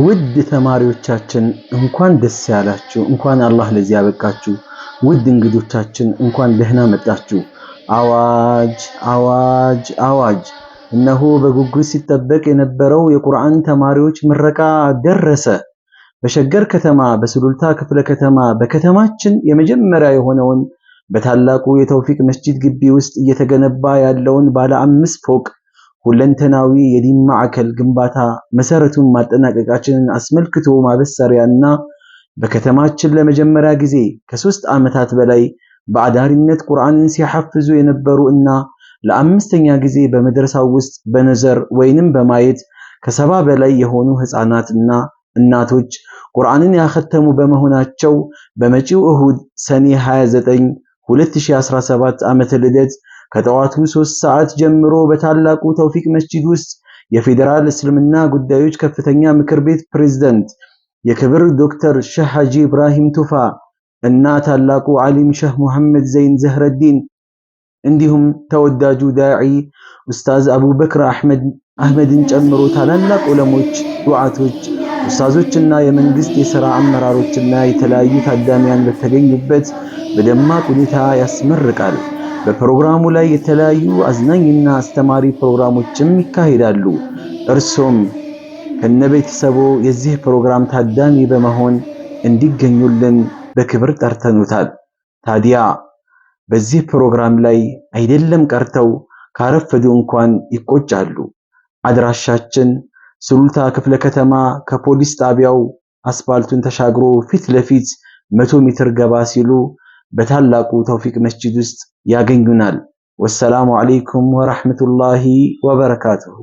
ውድ ተማሪዎቻችን እንኳን ደስ ያላችሁ፣ እንኳን አላህ ለዚህ ያበቃችሁ። ውድ እንግዶቻችን እንኳን ደህና መጣችሁ። አዋጅ አዋጅ አዋጅ! እነሆ በጉጉት ሲጠበቅ የነበረው የቁርአን ተማሪዎች ምረቃ ደረሰ። በሸገር ከተማ በስሉልታ ክፍለ ከተማ በከተማችን የመጀመሪያ የሆነውን በታላቁ የተውፊቅ መስጂድ ግቢ ውስጥ እየተገነባ ያለውን ባለ አምስት ፎቅ ሁለንተናዊ የዲን ማዕከል ግንባታ መሰረቱን ማጠናቀቃችንን አስመልክቶ ማበሰሪያ እና በከተማችን ለመጀመሪያ ጊዜ ከሶስት ዓመታት በላይ በአዳሪነት ቁርአንን ሲሐፍዙ የነበሩ እና ለአምስተኛ ጊዜ በመድረሳው ውስጥ በነዘር ወይንም በማየት ከሰባ በላይ የሆኑ ህፃናትና እናቶች ቁርአንን ያከተሙ በመሆናቸው በመጪው እሁድ ሰኔ 29 2017 ዓመተ ልደት ከጠዋቱ ሶስት ሰዓት ጀምሮ በታላቁ ተውፊቅ መስጂድ ውስጥ የፌዴራል እስልምና ጉዳዮች ከፍተኛ ምክር ቤት ፕሬዝዳንት የክብር ዶክተር ሸህ ሐጂ ኢብራሂም ቱፋ እና ታላቁ ዓሊም ሸህ ሙሐመድ ዘይን ዘህረዲን እንዲሁም ተወዳጁ ዳዒ ኡስታዝ አቡበክር አህመድን ጨምሮ ታላላቅ ዑለሞች፣ ዱዓቶች፣ ኡስታዞችና የመንግስት የሥራ አመራሮችና የተለያዩ ታዳሚያን በተገኙበት በደማቅ ሁኔታ ያስመርቃል። በፕሮግራሙ ላይ የተለያዩ አዝናኝና አስተማሪ ፕሮግራሞችም ይካሄዳሉ። እርሶም ከነቤተሰቦ የዚህ ፕሮግራም ታዳሚ በመሆን እንዲገኙልን በክብር ጠርተኑታል። ታዲያ በዚህ ፕሮግራም ላይ አይደለም ቀርተው ካረፈዱ እንኳን ይቆጫሉ። አድራሻችን ሱሉልታ ክፍለ ከተማ ከፖሊስ ጣቢያው አስፋልቱን ተሻግሮ ፊት ለፊት መቶ ሜትር ገባ ሲሉ በታላቁ ተውፊቅ መስጂድ ውስጥ ያገኙናል። ወሰላሙ አለይኩም ወራህመቱላሂ ወበረካቱሁ።